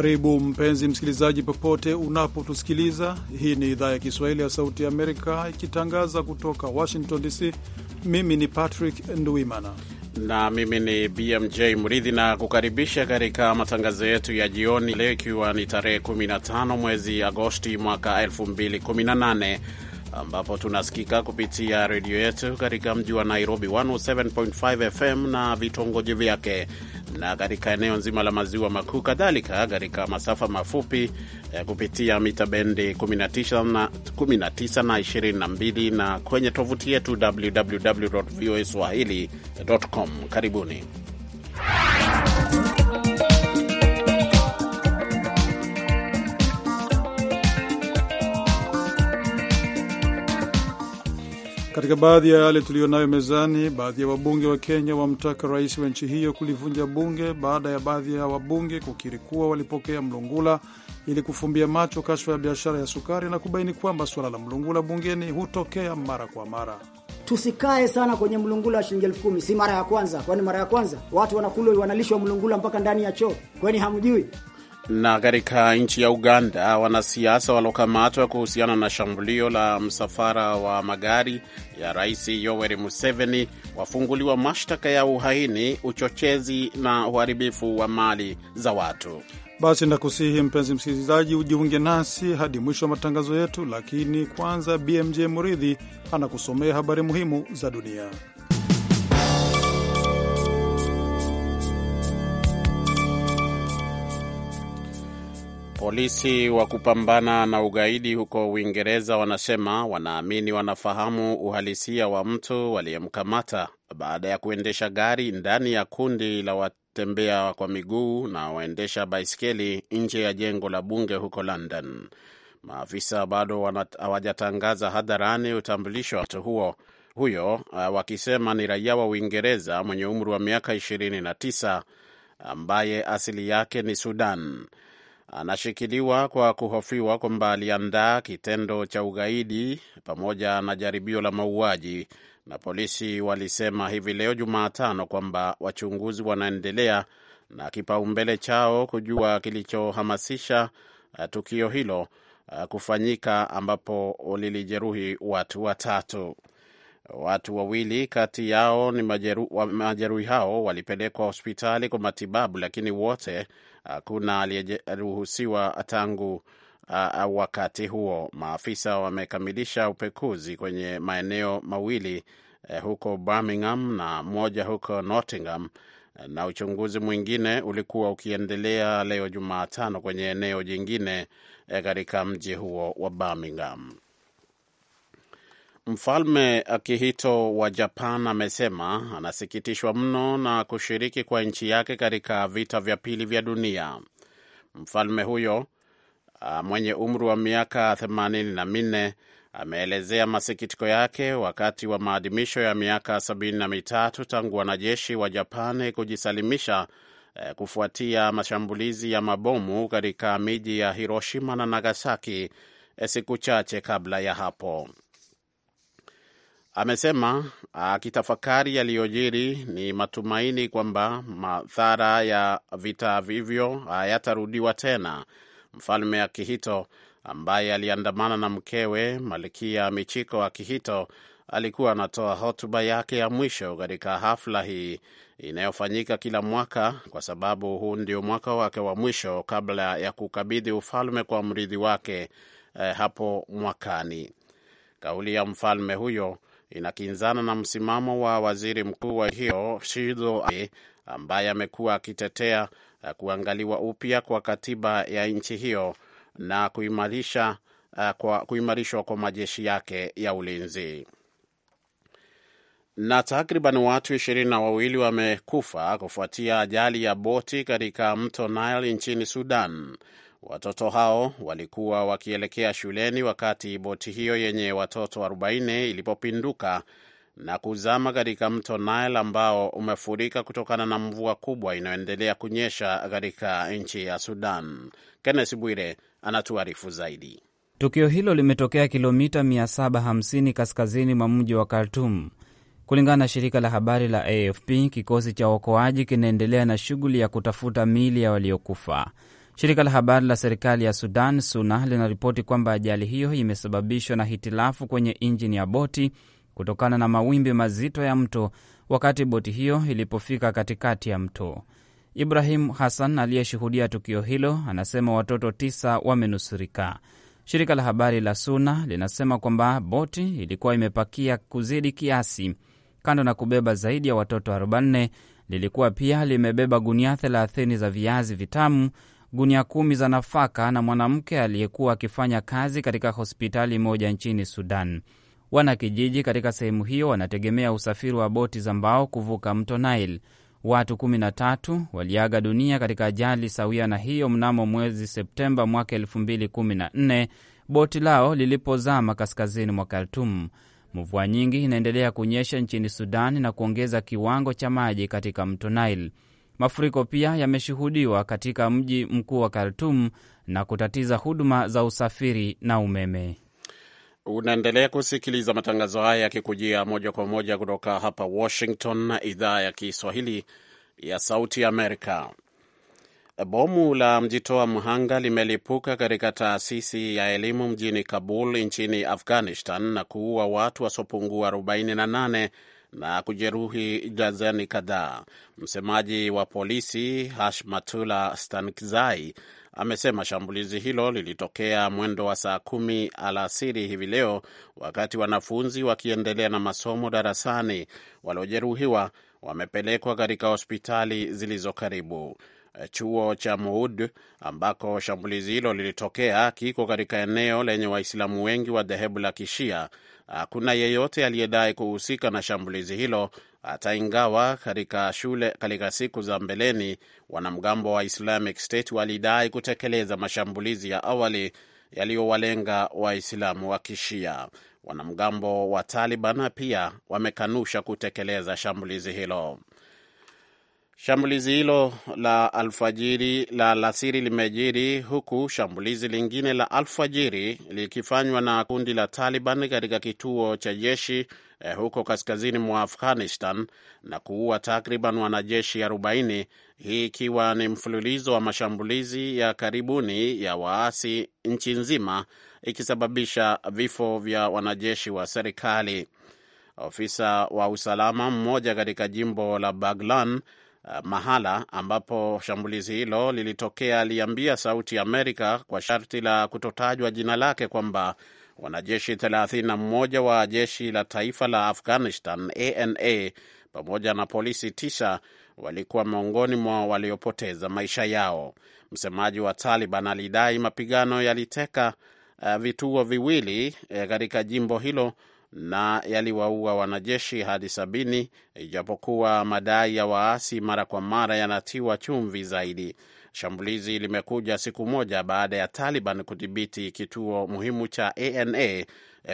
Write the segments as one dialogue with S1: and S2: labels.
S1: Karibu mpenzi msikilizaji, popote unapotusikiliza. Hii ni idhaa ya Kiswahili ya Sauti ya Amerika ikitangaza kutoka Washington DC. Mimi ni Patrick Ndwimana
S2: na mimi ni BMJ Mridhi na kukaribisha katika matangazo yetu ya jioni leo, ikiwa ni tarehe 15 mwezi Agosti mwaka 2018 ambapo tunasikika kupitia redio yetu katika mji wa Nairobi 107.5 FM na vitongoji vyake na katika eneo nzima la maziwa makuu, kadhalika katika masafa mafupi eh, kupitia mita bendi 19 na 22 na kwenye tovuti yetu www voa swahili.com. Karibuni.
S1: Katika baadhi ya yale tuliyonayo mezani, baadhi ya wabunge wa Kenya wamtaka rais wa nchi hiyo kulivunja bunge baada ya baadhi ya wabunge kukiri kuwa walipokea mlungula ili kufumbia macho kashfa ya biashara ya sukari na kubaini kwamba suala la mlungula bungeni hutokea mara kwa mara.
S3: Tusikae sana kwenye mlungula wa shilingi elfu kumi. Si mara ya kwanza, kwani mara ya kwanza watu wanakula wanalishwa mlungula mpaka ndani ya choo, kwani hamjui?
S2: Na katika nchi ya Uganda, wanasiasa waliokamatwa kuhusiana na shambulio la msafara wa magari ya Rais Yoweri Museveni wafunguliwa mashtaka ya uhaini, uchochezi na uharibifu wa mali za watu.
S1: Basi nakusihi mpenzi msikilizaji, ujiunge nasi hadi mwisho wa matangazo yetu, lakini kwanza, BMJ Muridhi anakusomea habari muhimu za dunia.
S2: Polisi wa kupambana na ugaidi huko Uingereza wanasema wanaamini wanafahamu uhalisia wa mtu waliyemkamata baada ya kuendesha gari ndani ya kundi la watembea kwa miguu na waendesha baiskeli nje ya jengo la bunge huko London. Maafisa bado hawajatangaza hadharani utambulisho wa mtu huo huyo, uh, wakisema ni raia wa Uingereza mwenye umri wa miaka 29 ambaye asili yake ni Sudan anashikiliwa kwa kuhofiwa kwamba aliandaa kitendo cha ugaidi pamoja na jaribio la mauaji, na polisi walisema hivi leo Jumatano kwamba wachunguzi wanaendelea na kipaumbele chao kujua kilichohamasisha eh, tukio hilo eh, kufanyika ambapo lilijeruhi watu watatu. Watu wawili kati yao ni majeru, majeruhi hao walipelekwa hospitali kwa matibabu, lakini wote ah, hakuna aliyeruhusiwa tangu a, ah, wakati huo. Maafisa wamekamilisha upekuzi kwenye maeneo mawili e, huko Birmingham na moja huko Nottingham na uchunguzi mwingine ulikuwa ukiendelea leo Jumatano kwenye eneo jingine eh, katika mji huo wa Birmingham. Mfalme Akihito wa Japan amesema anasikitishwa mno na kushiriki kwa nchi yake katika vita vya pili vya dunia. Mfalme huyo ah, mwenye umri wa miaka themanini na minne ameelezea masikitiko yake wakati wa maadhimisho ya miaka sabini na mitatu tangu wanajeshi wa Japani kujisalimisha eh, kufuatia mashambulizi ya mabomu katika miji ya Hiroshima na Nagasaki eh, siku chache kabla ya hapo. Amesema akitafakari ah, yaliyojiri, ni matumaini kwamba madhara ya vita hivyo hayatarudiwa tena. Mfalme Akihito ambaye aliandamana na mkewe Malkia Michiko Akihito alikuwa anatoa hotuba yake ya mwisho katika hafla hii inayofanyika kila mwaka, kwa sababu huu ndio mwaka wake wa mwisho kabla ya kukabidhi ufalme kwa mrithi wake eh, hapo mwakani. Kauli ya mfalme huyo inakinzana na msimamo wa waziri mkuu wa hiyo Shizo Abe ambaye amekuwa akitetea eh, kuangaliwa upya kwa katiba ya nchi hiyo na kuimarisha eh, kwa kuimarishwa kwa majeshi yake ya ulinzi. Na takriban watu ishirini na wawili wamekufa kufuatia ajali ya boti katika mto Nile nchini Sudan. Watoto hao walikuwa wakielekea shuleni wakati boti hiyo yenye watoto 40 ilipopinduka na kuzama katika mto Nile ambao umefurika kutokana na mvua kubwa inayoendelea kunyesha katika nchi ya Sudan. Kenneth Bwire anatuarifu zaidi.
S4: Tukio hilo limetokea kilomita 750 kaskazini mwa mji wa Khartum. Kulingana na shirika la habari la AFP, kikosi cha uokoaji kinaendelea na shughuli ya kutafuta miili ya waliokufa. Shirika la habari la serikali ya Sudan SUNA linaripoti kwamba ajali hiyo imesababishwa na hitilafu kwenye injini ya boti kutokana na mawimbi mazito ya mto wakati boti hiyo ilipofika katikati ya mto. Ibrahim Hassan aliyeshuhudia tukio hilo anasema watoto tisa wamenusurika. Shirika la habari la SUNA linasema kwamba boti ilikuwa imepakia kuzidi kiasi, kando na kubeba zaidi ya watoto 40 lilikuwa pia limebeba gunia 30 za viazi vitamu gunia kumi za nafaka na mwanamke aliyekuwa akifanya kazi katika hospitali moja nchini Sudan. Wanakijiji katika sehemu hiyo wanategemea usafiri wa boti za mbao kuvuka mto Nile. Watu 13 waliaga dunia katika ajali sawia na hiyo mnamo mwezi Septemba mwaka 2014 boti lao lilipozama kaskazini mwa Khartum. Mvua nyingi inaendelea kunyesha nchini Sudan na kuongeza kiwango cha maji katika mto Nile. Mafuriko pia yameshuhudiwa katika mji mkuu wa Khartum na kutatiza huduma za usafiri na umeme.
S2: Unaendelea kusikiliza matangazo haya yakikujia moja kwa moja kutoka hapa Washington, idhaa ya Kiswahili ya Sauti Amerika. Bomu la mjitoa mhanga limelipuka katika taasisi ya elimu mjini Kabul nchini Afghanistan na kuua watu wasiopungua 48 na kujeruhi dazeni kadhaa. Msemaji wa polisi Hashmatula Stankzai amesema shambulizi hilo lilitokea mwendo wa saa kumi alasiri hivi leo, wakati wanafunzi wakiendelea na masomo darasani. Waliojeruhiwa wamepelekwa katika hospitali zilizo karibu. Eh, chuo cha Muud ambako shambulizi hilo lilitokea kiko katika eneo lenye Waislamu wengi wa dhehebu la Kishia. Hakuna yeyote aliyedai kuhusika na shambulizi hilo, hata ingawa katika shule katika siku za mbeleni wanamgambo wa Islamic State walidai kutekeleza mashambulizi ya awali yaliyowalenga Waislamu wa Kishia. Wanamgambo wa Taliban pia wamekanusha kutekeleza shambulizi hilo. Shambulizi hilo la alfajiri la lasiri limejiri huku shambulizi lingine la alfajiri likifanywa na kundi la Taliban katika kituo cha jeshi eh, huko kaskazini mwa Afghanistan na kuua takriban wanajeshi 40, hii ikiwa ni mfululizo wa mashambulizi ya karibuni ya waasi nchi nzima ikisababisha vifo vya wanajeshi wa serikali. Ofisa wa usalama mmoja katika jimbo la Baglan Uh, mahala ambapo shambulizi hilo lilitokea aliambia Sauti Amerika kwa sharti la kutotajwa jina lake kwamba wanajeshi 31 wa jeshi la taifa la Afghanistan ANA pamoja na polisi tisa walikuwa miongoni mwa waliopoteza maisha yao. Msemaji wa Taliban alidai mapigano yaliteka uh, vituo viwili uh, katika uh, jimbo hilo na yaliwaua wanajeshi hadi sabini, ijapokuwa madai ya waasi mara kwa mara yanatiwa chumvi zaidi. Shambulizi limekuja siku moja baada ya Taliban kudhibiti kituo muhimu cha ANA eh,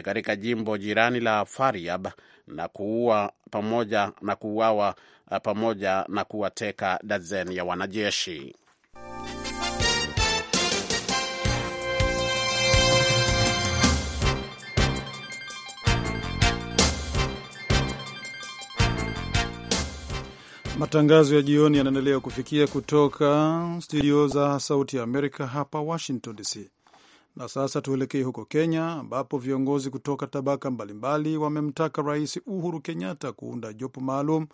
S2: katika jimbo jirani la Faryab na kuua pamoja na kuuawa eh, pamoja na kuwateka dazeni ya wanajeshi.
S1: Matangazo ya jioni yanaendelea kufikia kutoka studio za Sauti ya Amerika hapa Washington DC. Na sasa tuelekee huko Kenya, ambapo viongozi kutoka tabaka mbalimbali wamemtaka Rais Uhuru Kenyatta kuunda jopo maalum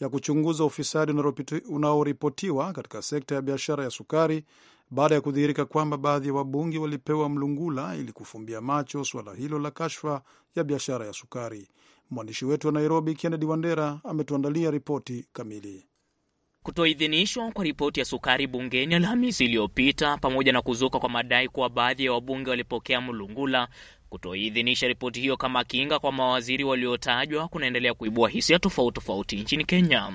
S1: ya kuchunguza ufisadi unaoripotiwa katika sekta ya biashara ya sukari baada ya kudhihirika kwamba baadhi ya wabunge walipewa mlungula ili kufumbia macho suala hilo la kashfa ya biashara ya sukari. Mwandishi wetu wa Nairobi, Kennedy Wandera, ametuandalia ripoti kamili.
S5: Kutoidhinishwa kwa ripoti ya sukari bungeni Alhamisi iliyopita pamoja na kuzuka kwa madai kuwa baadhi ya wabunge walipokea mlungula Kutoidhinisha ripoti hiyo kama kinga kwa mawaziri waliotajwa kunaendelea kuibua hisia tofauti tofauti nchini Kenya,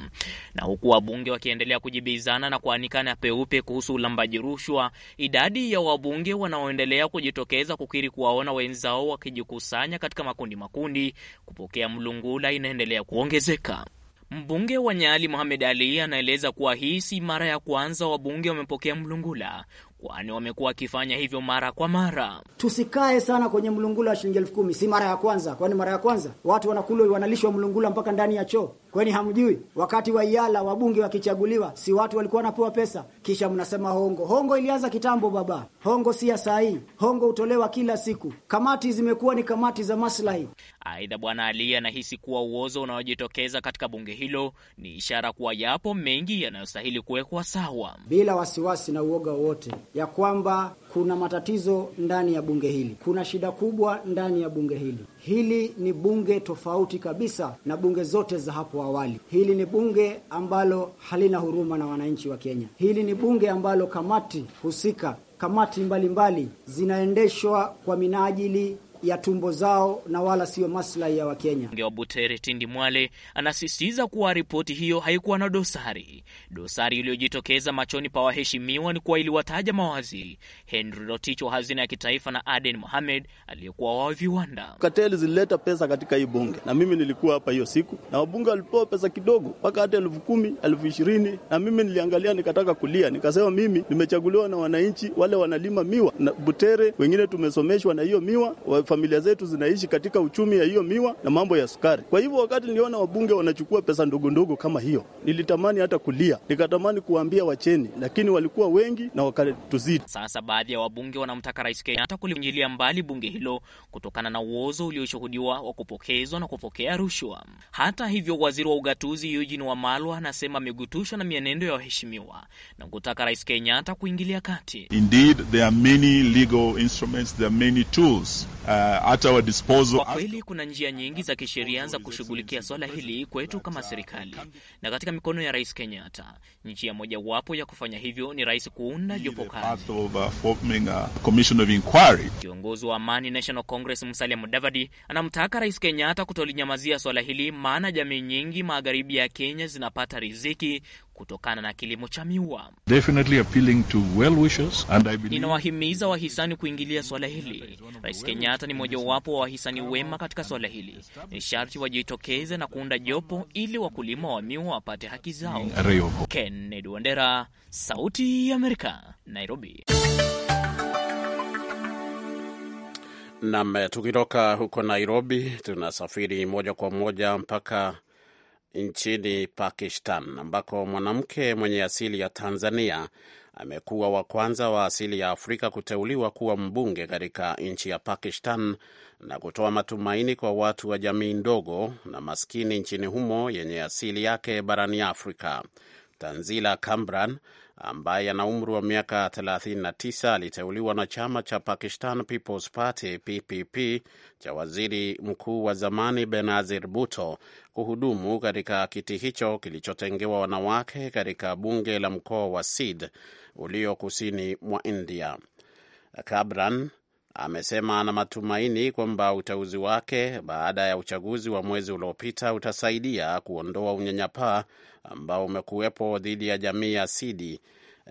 S5: na huku wabunge wakiendelea kujibizana na kuanikana peupe kuhusu ulambaji rushwa, idadi ya wabunge wanaoendelea kujitokeza kukiri kuwaona wenzao wakijikusanya katika makundi makundi kupokea mlungula inaendelea kuongezeka. Mbunge wa Nyali muhamed Ali anaeleza kuwa hii si mara ya kwanza wabunge wamepokea mlungula, kwani wamekuwa wakifanya hivyo mara kwa mara.
S3: Tusikae sana kwenye mlungula wa shilingi elfu kumi. Si mara ya kwanza, kwani mara ya kwanza watu wanakula wanalishwa mlungula mpaka ndani ya choo, kwani hamjui? Wakati wa iala wabunge wakichaguliwa, si watu walikuwa wanapewa pesa, kisha mnasema hongo. Hongo ilianza kitambo baba, hongo si ya saa hii. Hongo hutolewa kila siku, kamati zimekuwa ni kamati za maslahi.
S5: Aidha, Bwana Ali anahisi kuwa uozo unaojitokeza katika bunge hilo ni ishara kuwa yapo mengi yanayostahili kuwekwa
S3: sawa bila wasiwasi na uoga wowote ya kwamba kuna matatizo ndani ya bunge hili, kuna shida kubwa ndani ya bunge hili. Hili ni bunge tofauti kabisa na bunge zote za hapo awali. Hili ni bunge ambalo halina huruma na wananchi wa Kenya. Hili ni bunge ambalo kamati husika kamati mbalimbali mbali zinaendeshwa kwa minajili ya tumbo zao na wala siyo maslahi ya Wakenya.
S5: Mbunge wa Butere Tindi Mwale anasisitiza kuwa ripoti hiyo haikuwa na dosari. Dosari iliyojitokeza machoni pa waheshimiwa ni kuwa iliwataja mawaziri Henry Rotich wa hazina ya kitaifa na Aden Mohamed aliyekuwa wa
S6: viwanda. Kateli zilileta pesa katika hii bunge, na mimi nilikuwa hapa hiyo siku, na wabunge walipewa pesa kidogo, mpaka hata elfu kumi elfu ishirini na mimi niliangalia nikataka kulia, nikasema mimi nimechaguliwa na wananchi, wale wanalima miwa na Butere, wengine tumesomeshwa na hiyo miwa familia zetu zinaishi katika uchumi ya hiyo miwa na mambo ya sukari. Kwa hivyo wakati niliona wabunge wanachukua pesa ndogo ndogo kama hiyo, nilitamani hata kulia, nikatamani kuwaambia wacheni, lakini walikuwa wengi na wakatuzidi.
S5: Sasa baadhi ya wabunge wanamtaka Rais Kenyatta kuliingilia mbali bunge hilo kutokana na uozo ulioshuhudiwa wa kupokezwa na kupokea rushwa. Hata hivyo, waziri wa ugatuzi Eugene Wamalwa anasema amegutushwa na mienendo ya waheshimiwa na kutaka Rais Kenyatta kuingilia kati.
S6: Indeed, there are many legal instruments, there are many tools, uh, hata uh, wa disposal. Kwa kweli
S5: kuna njia nyingi za kisheria za kushughulikia swala hili kwetu kama serikali na katika mikono ya Rais Kenyatta. Njia mojawapo ya kufanya hivyo ni rais kuunda jopo kazi.
S7: Uh,
S5: Kiongozi wa Amani National Congress Musalia Mudavadi anamtaka Rais Kenyatta kutolinyamazia swala hili, maana jamii nyingi magharibi ya Kenya zinapata riziki kutokana na kilimo cha miwa. Ninawahimiza wahisani kuingilia swala hili. Rais Kenyatta ni mojawapo wa wahisani wema katika swala hili. Ni sharti wajitokeze na kuunda jopo ili wakulima wa miwa wapate haki zao. Kennedy Wandera, Sauti ya Amerika, Nairobi.
S2: Nam, tukitoka huko Nairobi tunasafiri moja kwa moja mpaka nchini Pakistan, ambako mwanamke mwenye asili ya Tanzania amekuwa wa kwanza wa asili ya Afrika kuteuliwa kuwa mbunge katika nchi ya Pakistan na kutoa matumaini kwa watu wa jamii ndogo na maskini nchini humo yenye asili yake barani Afrika. Tanzila Kamran ambaye ana umri wa miaka 39 aliteuliwa na chama cha Pakistan People's Party PPP cha waziri mkuu wa zamani Benazir Bhutto kuhudumu katika kiti hicho kilichotengewa wanawake katika bunge la mkoa wa Sindh ulio kusini mwa India. Kabran amesema ana matumaini kwamba uteuzi wake baada ya uchaguzi wa mwezi uliopita utasaidia kuondoa unyanyapaa ambao umekuwepo dhidi ya jamii ya Sidi,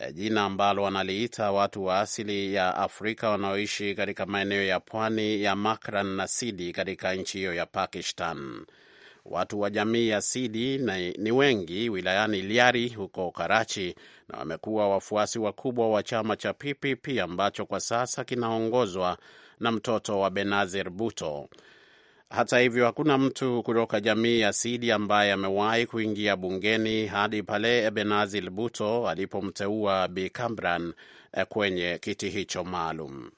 S2: eh, jina ambalo wanaliita watu wa asili ya Afrika wanaoishi katika maeneo ya pwani ya Makran na Sidi katika nchi hiyo ya Pakistan. Watu wa jamii ya Sidi ni, wengi wilayani Liari huko Karachi na wamekuwa wafuasi wakubwa wa chama cha PPP ambacho kwa sasa kinaongozwa na mtoto wa Benazir Bhutto. Hata hivyo hakuna mtu kutoka jamii ya Sidi ambaye amewahi kuingia bungeni hadi pale Benazir Bhutto alipomteua Bi Kamran eh, kwenye kiti hicho maalum.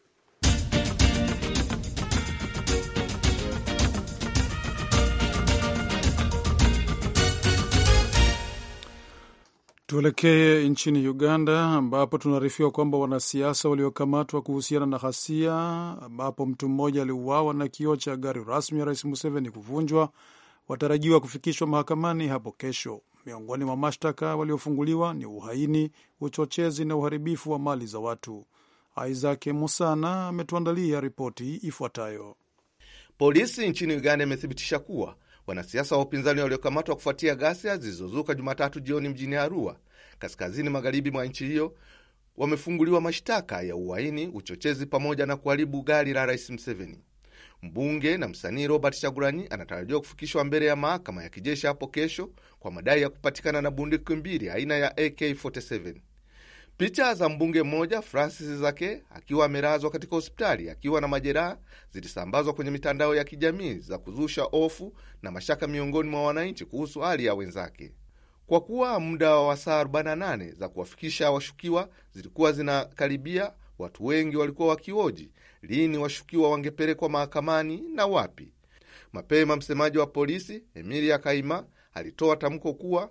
S1: Tuelekee nchini Uganda ambapo tunaarifiwa kwamba wanasiasa waliokamatwa kuhusiana na ghasia ambapo mtu mmoja aliuawa na kioo cha gari rasmi ya Rais Museveni kuvunjwa watarajiwa kufikishwa mahakamani hapo kesho. Miongoni mwa mashtaka waliofunguliwa ni uhaini, uchochezi na uharibifu wa mali za watu. Isaac Musana ametuandalia ripoti ifuatayo. Polisi
S7: nchini Uganda imethibitisha kuwa wanasiasa wa upinzani waliokamatwa kufuatia ghasia zilizozuka Jumatatu jioni mjini Arua, kaskazini magharibi mwa nchi hiyo, wamefunguliwa mashtaka ya uhaini, uchochezi pamoja na kuharibu gari la Rais mseveni Mbunge na msanii Robert Chaguranyi anatarajiwa kufikishwa mbele ya mahakama ya kijeshi hapo kesho kwa madai ya kupatikana na bunduki mbili aina ya AK47. Picha za mbunge mmoja Francis Zake akiwa amelazwa katika hospitali akiwa na majeraha zilisambazwa kwenye mitandao ya kijamii za kuzusha hofu na mashaka miongoni mwa wananchi kuhusu hali ya wenzake. Kwa kuwa muda wa saa 48 za kuwafikisha washukiwa zilikuwa zinakaribia, watu wengi walikuwa wakioji lini washukiwa wangepelekwa mahakamani na wapi. Mapema msemaji wa polisi Emilia Kaima alitoa tamko kuwa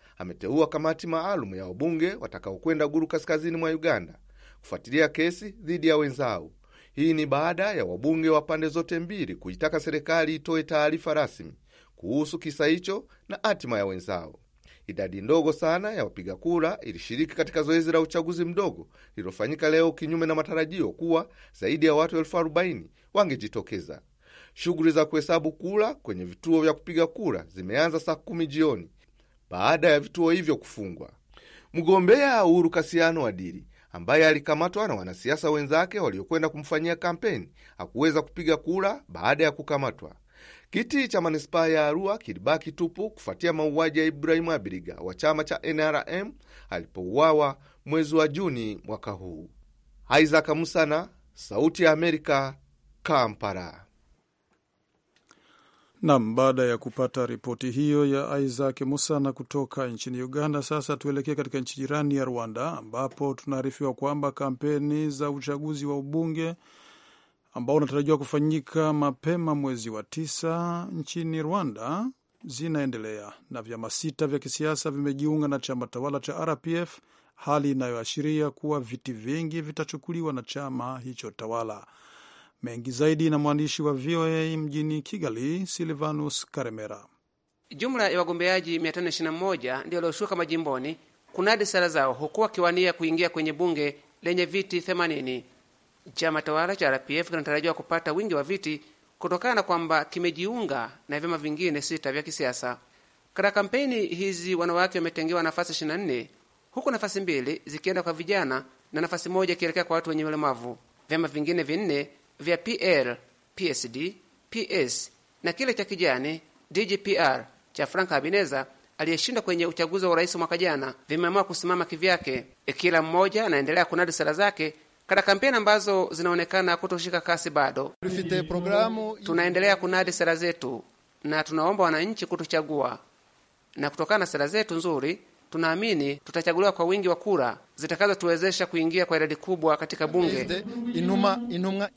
S7: ameteua kamati maalum ya wabunge watakaokwenda guru kaskazini mwa Uganda kufuatilia kesi dhidi ya wenzao. Hii ni baada ya wabunge wa pande zote mbili kuitaka serikali itoe taarifa rasmi kuhusu kisa hicho na hatima ya wenzao. Idadi ndogo sana ya wapiga kura ilishiriki katika zoezi la uchaguzi mdogo lililofanyika leo, kinyume na matarajio kuwa zaidi ya watu elfu arobaini wangejitokeza. Shughuli za kuhesabu kura kwenye vituo vya kupiga kura zimeanza saa kumi jioni baada ya vituo hivyo kufungwa. Mgombea Uhuru Kasiano Wadiri ambaye alikamatwa na wanasiasa wenzake waliokwenda kumfanyia kampeni hakuweza kupiga kura baada ya kukamatwa. Kiti cha manispaa ya Arua kilibaki tupu kufuatia mauaji ya Ibrahimu Abiriga wa chama cha NRM alipouawa mwezi wa Juni mwaka huu. Isaac Musana,
S1: Sauti ya Amerika, Kampala. Nam, baada ya kupata ripoti hiyo ya Isaac Musana kutoka nchini Uganda, sasa tuelekee katika nchi jirani ya Rwanda, ambapo tunaarifiwa kwamba kampeni za uchaguzi wa ubunge ambao unatarajiwa kufanyika mapema mwezi wa tisa nchini Rwanda zinaendelea na vyama sita vya kisiasa vimejiunga na chama tawala cha RPF, hali inayoashiria kuwa viti vingi vitachukuliwa na chama hicho tawala. Mengi zaidi na mwandishi wa VOA mjini Kigali, Silvanus Karemera.
S8: Jumla ya wagombeaji 521 ndio walioshuka majimboni kunadi sera zao huku wakiwania kuingia kwenye bunge lenye viti 80. Chama tawala cha RPF kinatarajiwa kupata wingi wa viti kutokana na kwamba kimejiunga na vyama vingine sita vya kisiasa. Katika kampeni hizi wanawake wametengewa nafasi 24 huku nafasi mbili zikienda kwa vijana na nafasi moja ikielekea kwa watu wenye ulemavu. Vyama vingine vinne vya PL, PSD, PS na kile cha kijani DGPR cha Frank Habineza aliyeshindwa kwenye uchaguzi wa urais mwaka jana vimeamua kusimama kivyake. E, kila mmoja anaendelea kunadi sera zake katika kampeni ambazo zinaonekana kutoshika kasi bado. tunaendelea kunadi sera zetu na tunaomba wananchi kutuchagua, na kutokana na sera zetu nzuri tunaamini tutachaguliwa kwa wingi wa kura zitakazotuwezesha kuingia kwa idadi kubwa katika bunge.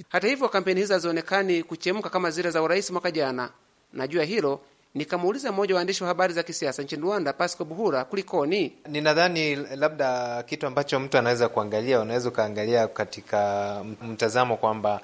S8: Hata hivyo, kampeni hizo hazionekani kuchemka kama zile za urais mwaka jana. Na juu ya hilo nikamuuliza mmoja wa waandishi wa habari za kisiasa nchini Rwanda, Pasco Buhura, kulikoni?
S9: Ninadhani labda kitu ambacho mtu anaweza kuangalia, unaweza ukaangalia katika mtazamo kwamba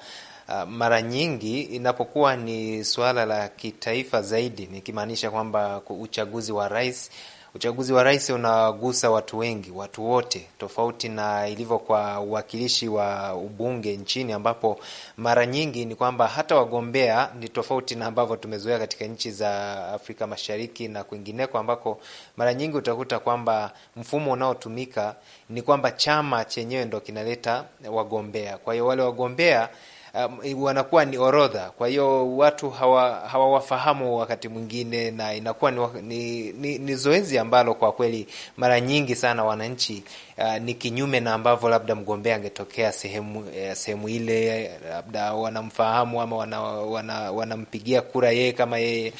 S9: uh, mara nyingi inapokuwa ni suala la kitaifa zaidi, nikimaanisha kwamba uchaguzi wa rais Uchaguzi wa rais unagusa watu wengi, watu wote, tofauti na ilivyo kwa uwakilishi wa ubunge nchini, ambapo mara nyingi ni kwamba hata wagombea ni tofauti na ambavyo tumezoea katika nchi za Afrika Mashariki na kwingineko, ambako mara nyingi utakuta kwamba mfumo unaotumika ni kwamba chama chenyewe ndo kinaleta wagombea. Kwa hiyo wale wagombea um, wanakuwa ni orodha, kwa hiyo watu hawawafahamu hawa wakati mwingine, na inakuwa ni, ni, ni, ni zoezi ambalo kwa kweli mara nyingi sana wananchi uh, ni kinyume na ambavyo labda mgombea angetokea sehemu eh, sehemu ile labda wanamfahamu ama wanampigia wana, wana kura yeye kama yeye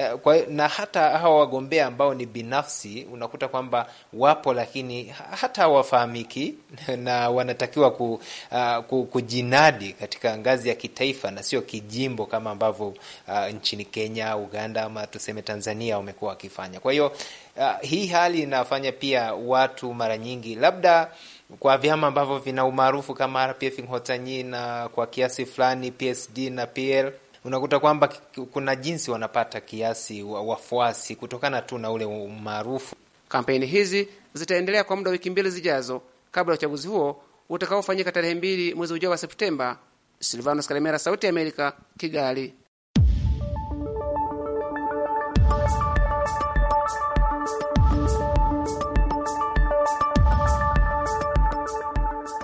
S9: Eh, kwa, na hata hawa wagombea ambao ni binafsi unakuta kwamba wapo, lakini hata hawafahamiki na wanatakiwa ku, uh, ku, kujinadi katika ngazi ya kitaifa na sio kijimbo kama ambavyo uh, nchini Kenya, Uganda ama tuseme Tanzania wamekuwa wakifanya. Kwa hiyo uh, hii hali inafanya pia watu mara nyingi labda kwa vyama ambavyo vina umaarufu kama RPF Nkhotanyi na kwa kiasi fulani PSD na PL unakuta kwamba kuna jinsi wanapata kiasi wafuasi kutokana tu na ule umaarufu. Kampeni hizi
S8: zitaendelea kwa muda wa wiki mbili zijazo kabla ya uchaguzi huo utakaofanyika tarehe mbili mwezi ujao wa Septemba. Silvanos Kalemera, Sauti ya Amerika, Kigali.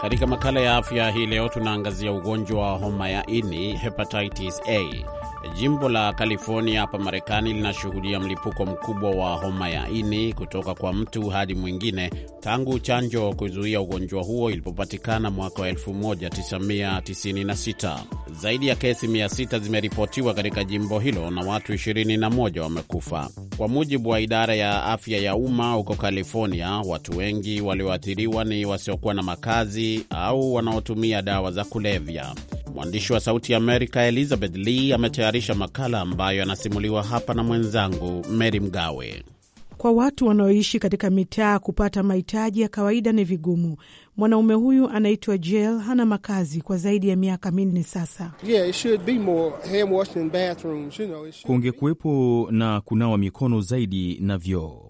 S2: Katika makala ya afya hii leo tunaangazia ugonjwa wa homa ya ini hepatitis A Jimbo la California hapa Marekani linashuhudia mlipuko mkubwa wa homa ya ini kutoka kwa mtu hadi mwingine tangu chanjo kuzuia ugonjwa huo ilipopatikana mwaka wa 1996. Zaidi ya kesi 600 zimeripotiwa katika jimbo hilo na watu 21 wamekufa, kwa mujibu wa idara ya afya ya umma huko California. Watu wengi walioathiriwa ni wasiokuwa na makazi au wanaotumia dawa za kulevya. Mwandishi wa Sauti ya Amerika Elizabeth Lee ametayarisha makala ambayo anasimuliwa hapa na mwenzangu Mary Mgawe.
S10: Kwa watu wanaoishi katika mitaa kupata mahitaji ya kawaida ni vigumu. Mwanaume huyu anaitwa Jel hana makazi kwa zaidi ya miaka minne sasa.
S7: Yeah, you know, kungekuwepo
S6: na kunawa mikono zaidi na vyoo.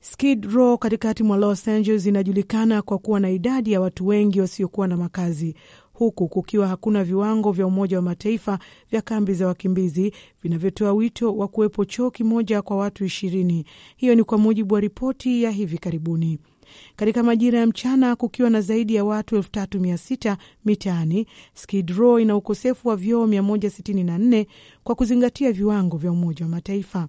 S10: Skid Row katikati mwa Los Angeles inajulikana kwa kuwa na idadi ya watu wengi wasiokuwa na makazi huku kukiwa hakuna viwango vya Umoja wa Mataifa vya kambi za wakimbizi vinavyotoa wito wa kuwepo choo kimoja kwa watu ishirini. Hiyo ni kwa mujibu wa ripoti ya hivi karibuni. Katika majira ya mchana kukiwa na zaidi ya watu elfu tatu mia sita mitaani, Skid Row ina ukosefu wa vyoo 164 kwa kuzingatia viwango vya Umoja wa Mataifa.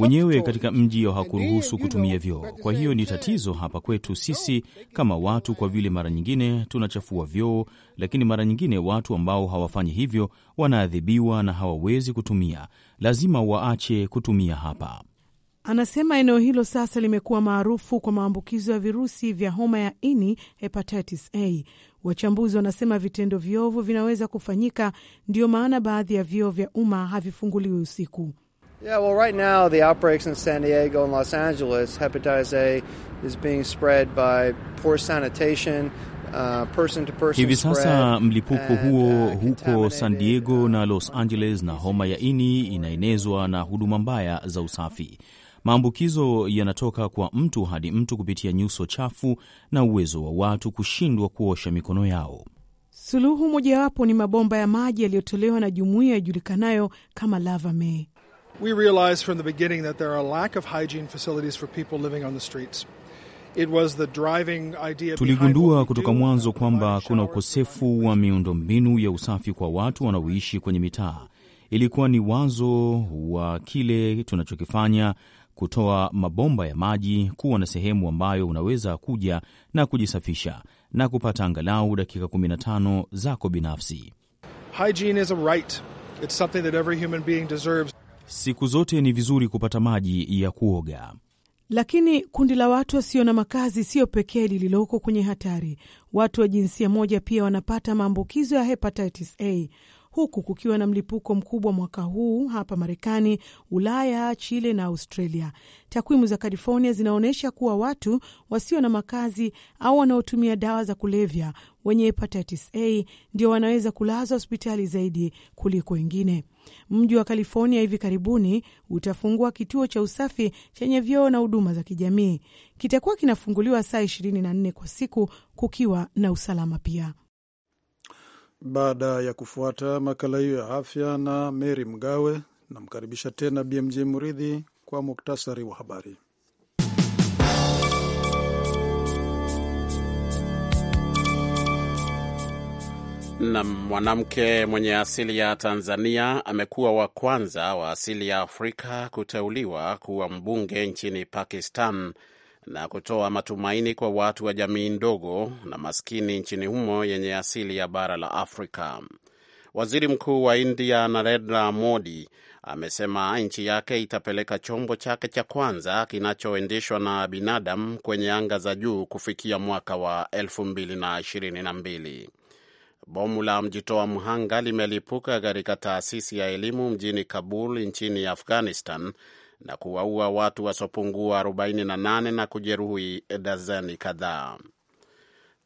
S7: Wenyewe
S6: katika mji hakuruhusu kutumia vyoo, kwa hiyo ni tatizo hapa kwetu sisi kama watu, kwa vile mara nyingine tunachafua vyoo, lakini mara nyingine watu ambao hawafanyi hivyo wanaadhibiwa na hawawezi kutumia, lazima waache kutumia hapa.
S10: Anasema eneo hilo sasa limekuwa maarufu kwa maambukizo ya virusi vya homa ya ini hepatitis A Wachambuzi wanasema vitendo viovu vinaweza kufanyika, ndiyo maana baadhi ya vyoo vya umma havifunguliwi usiku.
S9: Yeah, well, right now the outbreaks in San Diego and Los Angeles, hepatitis A is being spread by poor sanitation. Uh, person to person hivi sasa mlipuko
S6: huo uh, huko San Diego uh, na Los Angeles na homa ya ini inaenezwa na huduma mbaya za usafi. Maambukizo yanatoka kwa mtu hadi mtu kupitia nyuso chafu na uwezo wa watu kushindwa kuosha mikono yao.
S10: Suluhu mojawapo ni mabomba ya maji yaliyotolewa na jumuiya ijulikanayo kama Lava
S1: We realized from the beginning that there are a lack of hygiene facilities for people living on the streets. It was the driving idea. Tuligundua
S6: kutoka mwanzo kwamba kuna ukosefu wa miundombinu ya usafi kwa watu wanaoishi kwenye mitaa. Ilikuwa ni wazo wa kile tunachokifanya kutoa mabomba ya maji, kuwa na sehemu ambayo unaweza kuja na kujisafisha na kupata angalau dakika 15 zako binafsi.
S1: Hygiene is a right. It's something that every human being deserves.
S6: Siku zote ni vizuri kupata maji ya kuoga.
S10: Lakini kundi la watu wasio na makazi sio pekee lililoko kwenye hatari. Watu wa jinsia moja pia wanapata maambukizo ya hepatitis A huku kukiwa na mlipuko mkubwa mwaka huu hapa Marekani, Ulaya, Chile na Australia. Takwimu za California zinaonyesha kuwa watu wasio na makazi au wanaotumia dawa za kulevya wenye hepatitis A ndio wanaweza kulazwa hospitali zaidi kuliko wengine. Mji wa California hivi karibuni utafungua kituo cha usafi chenye vyoo na huduma za kijamii. Kitakuwa kinafunguliwa saa 24 kwa siku kukiwa na usalama pia.
S1: Baada ya kufuata makala hiyo ya afya na Mary Mgawe, namkaribisha tena BMJ Muridhi kwa muktasari wa habari.
S2: Na mwanamke mwenye asili ya Tanzania amekuwa wa kwanza wa asili ya Afrika kuteuliwa kuwa mbunge nchini Pakistan na kutoa matumaini kwa watu wa jamii ndogo na maskini nchini humo yenye asili ya bara la Afrika. Waziri Mkuu wa India Narendra Modi amesema nchi yake itapeleka chombo chake cha kwanza kinachoendeshwa na binadamu kwenye anga za juu kufikia mwaka wa 2022. Bomu la mjitoa mhanga limelipuka katika taasisi ya elimu mjini Kabul nchini Afghanistan na kuwaua watu wasiopungua 48 na kujeruhi dazeni kadhaa.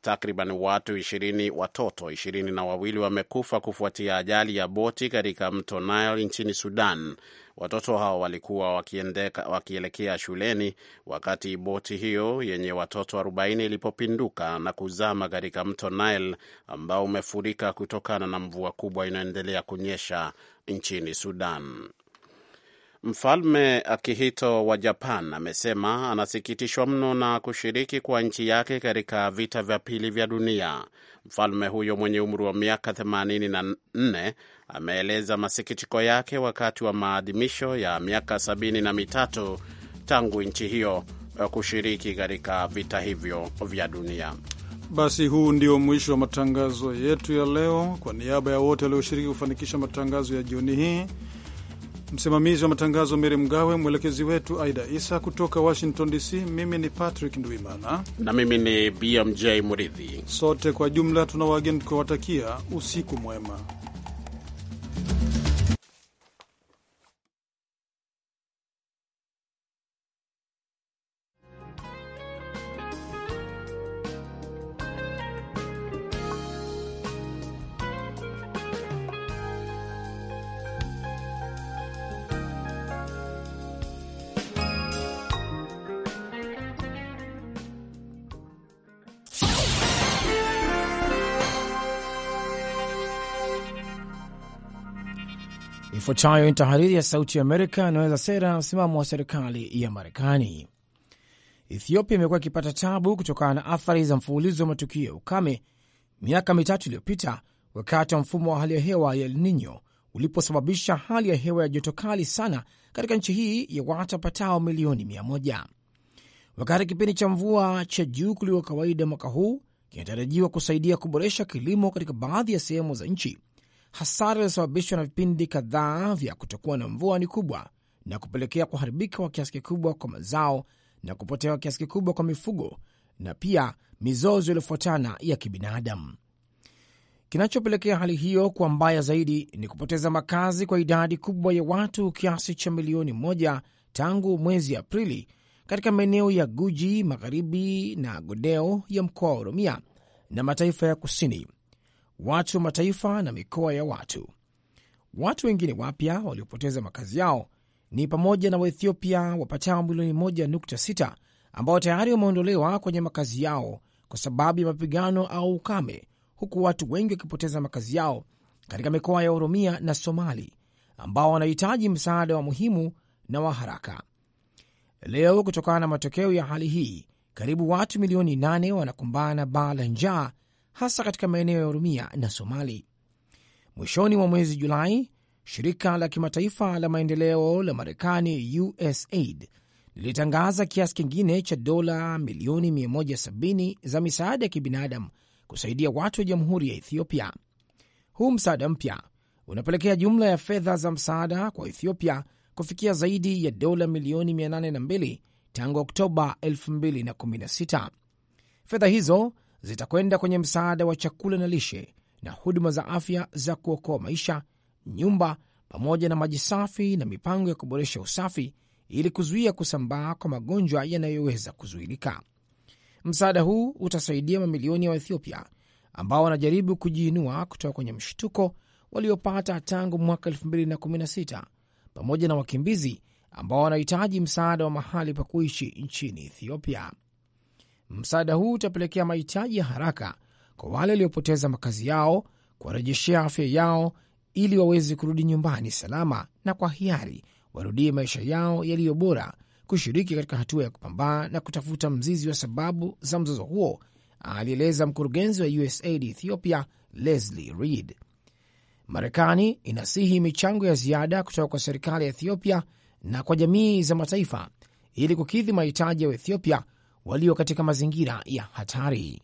S2: Takriban watu ishirini, watoto ishirini na wawili wamekufa kufuatia ajali ya boti katika mto Nile nchini Sudan. Watoto hao walikuwa wakiendeka, wakielekea shuleni wakati boti hiyo yenye watoto 40 ilipopinduka na kuzama katika mto Nile ambao umefurika kutokana na mvua kubwa inayoendelea kunyesha nchini Sudan. Mfalme Akihito wa Japan amesema anasikitishwa mno na kushiriki kwa nchi yake katika vita vya pili vya dunia. Mfalme huyo mwenye umri wa miaka 84 ameeleza masikitiko yake wakati wa maadhimisho ya miaka sabini na mitatu tangu nchi hiyo kushiriki katika vita hivyo vya dunia.
S1: Basi huu ndio mwisho wa matangazo yetu ya leo. Kwa niaba ya wote walioshiriki kufanikisha matangazo ya jioni hii Msimamizi wa matangazo Meri Mgawe, mwelekezi wetu Aida Isa kutoka Washington DC. Mimi ni Patrick Ndwimana
S2: na mimi ni BMJ Muridhi.
S1: Sote kwa jumla tuna wageni tukiwatakia usiku mwema.
S11: Ifuatayo ni tahariri ya Sauti ya Amerika inaweza sera na msimamo wa serikali ya Marekani. Ethiopia imekuwa ikipata tabu kutokana na athari za mfululizo wa matukio ya ukame miaka mitatu iliyopita, wakati wa mfumo wa hali ya hewa ya El Nino uliposababisha hali ya hewa ya joto kali sana katika nchi hii ya watu wapatao milioni mia moja. Wakati kipindi cha mvua cha juu kuliko kawaida mwaka huu kinatarajiwa kusaidia kuboresha kilimo katika baadhi ya sehemu za nchi, hasara iliyosababishwa na vipindi kadhaa vya kutokuwa na mvua ni kubwa na kupelekea kuharibika kwa kiasi kikubwa kwa mazao na kupotea kwa kiasi kikubwa kwa mifugo na pia mizozo iliyofuatana ya kibinadamu. Kinachopelekea hali hiyo kuwa mbaya zaidi ni kupoteza makazi kwa idadi kubwa ya watu kiasi cha milioni moja tangu mwezi Aprili katika maeneo ya Guji magharibi na Godeo ya mkoa wa Oromia na mataifa ya kusini watu wa mataifa na mikoa ya watu. Watu wengine wapya waliopoteza makazi yao ni pamoja na Waethiopia wapatao milioni 1.6 ambao tayari wameondolewa kwenye makazi yao kwa sababu ya mapigano au ukame, huku watu wengi wakipoteza makazi yao katika mikoa ya Oromia na Somali ambao wanahitaji msaada wa muhimu na wa haraka. Leo, kutokana na matokeo ya hali hii, karibu watu milioni 8 wanakumbana na baa la njaa hasa katika maeneo ya Oromia na Somali. Mwishoni mwa mwezi Julai, shirika la kimataifa la maendeleo la Marekani, USAID, lilitangaza kiasi kingine cha dola milioni 170 za misaada ya kibinadamu kusaidia watu wa jamhuri ya Ethiopia. Huu msaada mpya unapelekea jumla ya fedha za msaada kwa Ethiopia kufikia zaidi ya dola milioni 802 tangu Oktoba 2016. Fedha hizo zitakwenda kwenye msaada wa chakula na lishe na huduma za afya za kuokoa maisha, nyumba, pamoja na maji safi na mipango ya kuboresha usafi ili kuzuia kusambaa kwa magonjwa yanayoweza kuzuilika. Msaada huu utasaidia mamilioni ya Waethiopia ambao wanajaribu kujiinua kutoka kwenye mshtuko waliopata tangu mwaka 2016 pamoja na wakimbizi ambao wanahitaji msaada wa mahali pa kuishi nchini Ethiopia. Msaada huu utapelekea mahitaji ya haraka kwa wale waliopoteza makazi yao, kuwarejeshea afya yao ili waweze kurudi nyumbani salama na kwa hiari, warudie maisha yao yaliyo bora, kushiriki katika hatua ya kupambana na kutafuta mzizi wa sababu za mzozo huo, alieleza mkurugenzi wa USAID Ethiopia, Leslie Reed. Marekani inasihi michango ya ziada kutoka kwa serikali ya Ethiopia na kwa jamii za mataifa ili kukidhi mahitaji ya Ethiopia walio katika mazingira ya hatari.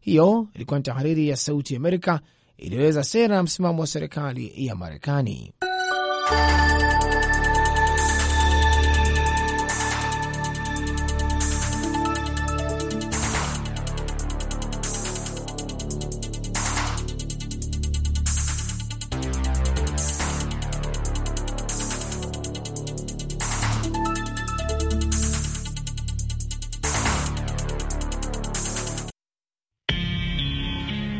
S11: Hiyo ilikuwa ni tahariri ya Sauti ya Amerika iliyoweza sera msimamo wa serikali ya Marekani.